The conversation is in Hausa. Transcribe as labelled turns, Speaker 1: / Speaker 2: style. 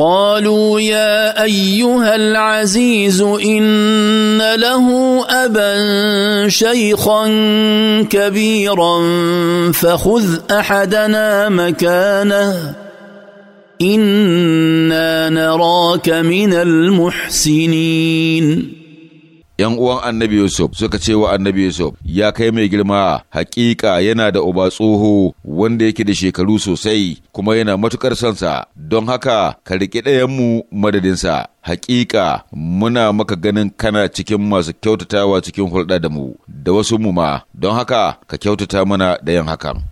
Speaker 1: قالوا يا ايها العزيز ان له ابا شيخا كبيرا فخذ احدنا مكانه انا نراك من المحسنين
Speaker 2: ‘yan uwan annabi Yusuf suka ce wa annabi Yusuf, ya kai mai girma, hakika yana da uba tsoho wanda yake da shekaru sosai kuma yana matukar sansa, don haka ka riƙi ɗayanmu madadinsa. Hakika muna maka ganin kana cikin masu kyautatawa cikin hulɗa da mu, da wasu mu ma, don haka ka kyautata mana da yin hakan.